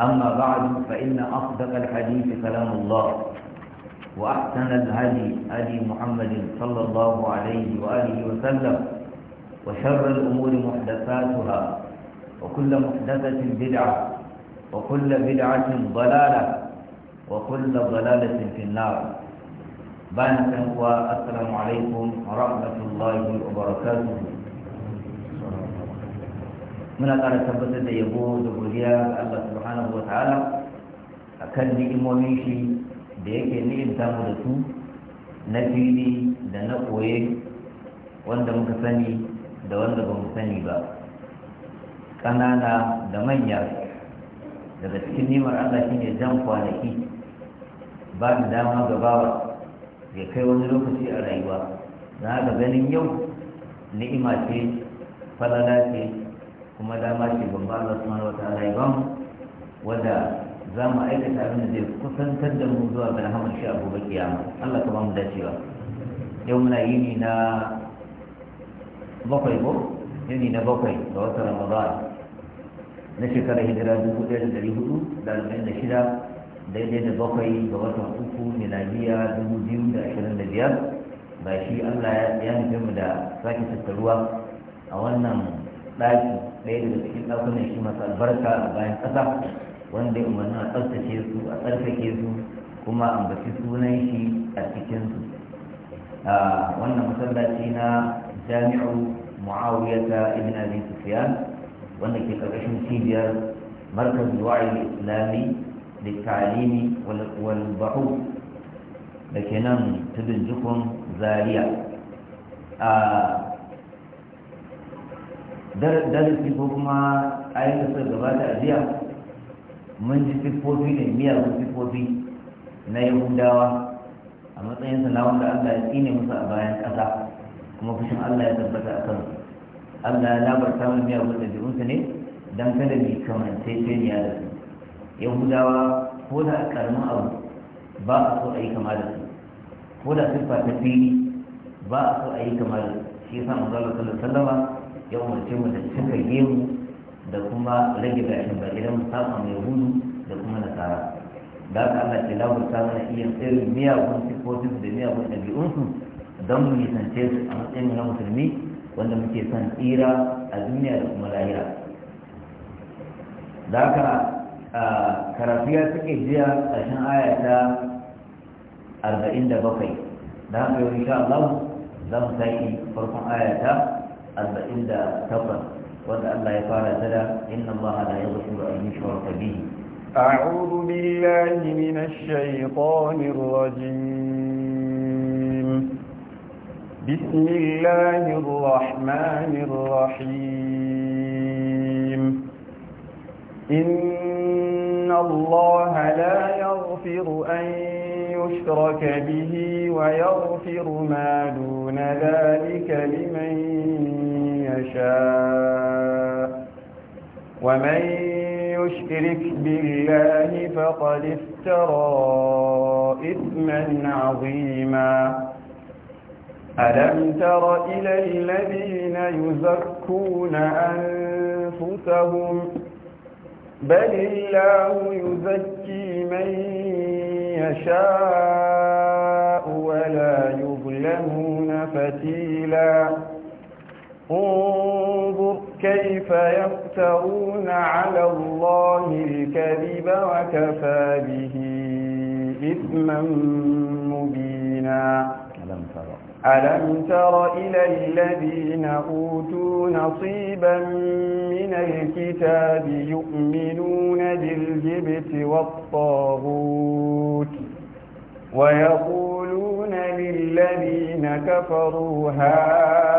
أما بعد فإن أصدق الحديث كلام الله وأحسن الهدي هدي محمد صلى الله عليه وآله وسلم وشر الأمور محدثاتها وكل محدثة بدعة وكل بدعة ضلالة وكل ضلالة في النار بانك السلام عليكم ورحمة الله وبركاته muna ƙara tabbatar da yabo da godiya ga Allah subhanahu wa ta'ala akan ni'imomin shi da yake ni'imta mu da su na fili da na koye wanda muka sani da wanda ba mu sani ba ƙanana da manya daga cikin nimar Allah ya jan kwanaki ba da dama ga ya kai wani lokaci a rayuwa na ga ganin yau ni'ima ce falala ce kuma dama ce babba Allah subhanahu wataala ya ba mu wadda za mu aikata abin da zai kusantar da mu zuwa ga rahamar shi a gobe kiyama Allah ka ba mu dacewa yau muna yini na bakwai ko yini na bakwai ga wata Ramadan na shekarar hijira dubu ɗaya da ɗari hudu da arba'in da shida daidai da bakwai ga watan uku miladiya dubu biyu da ashirin da biyar ba shi allah ya nufi mu da sake tattaruwa a wannan ɗaki ɗaya daga cikin ɗakunan shi masu albarka a bayan ƙasa wanda ya umarni a tsaftace su a tsarkake su kuma ambaci sunan shi a cikin su wannan masallaci na jami'u muawiyata ibn abi sufyan wanda ke karkashin cibiyar markaz wa'i islami da talimi wal bahu da ke nan tudun jikun zaria darasi ko kuma ayin da suka gabata a jiya mun ji siffofi ne miyagun siffofi na yahudawa a matsayin na wanda allah ya tsine musu a bayan ƙasa kuma fushin allah ya tabbata a kan allah ya labarta mun miyagun ɗabi'unsu ne don kada mai kamanceceniya da su yahudawa ko da karamin abu ba a so a yi kama da su ko da siffa ta fili ba a so a yi kama da su shi yasa manzo sallallahu alaihi Yau umarce mu da cika gemu da kuma rage gashin ba idan musamman mai hudu da kuma nasara da aka Allah ce ta mana iya tsirin miyagun sifofinsu da miyagun ɗabi'unsu don mu nisance su a matsayin na musulmi wanda muke son tsira a duniya da kuma lahira da aka karafiya suke jiya ƙarshen aya ta arba'in da bakwai da haka yau insha Allah za mu sa'i farkon aya ta أما إلا كفر وأن أما يقال تلا إن الله لا يغفر أن يشرك به أعوذ بالله من الشيطان الرجيم بسم الله الرحمن الرحيم إن الله لا يغفر أن يشرك به ويغفر ما دون ذلك لمن يشاء ومن يشرك بالله فقد افترى إثما عظيما ألم تر إلى الذين يزكون أنفسهم بل الله يزكي من يشاء ولا يظلمون فتيلا انظر كيف يفترون على الله الكذب وكفى به إثما ألم تر إلى الذين أوتوا نصيبا من الكتاب يؤمنون بالجبت والطاغوت ويقولون للذين كفروا هؤلاء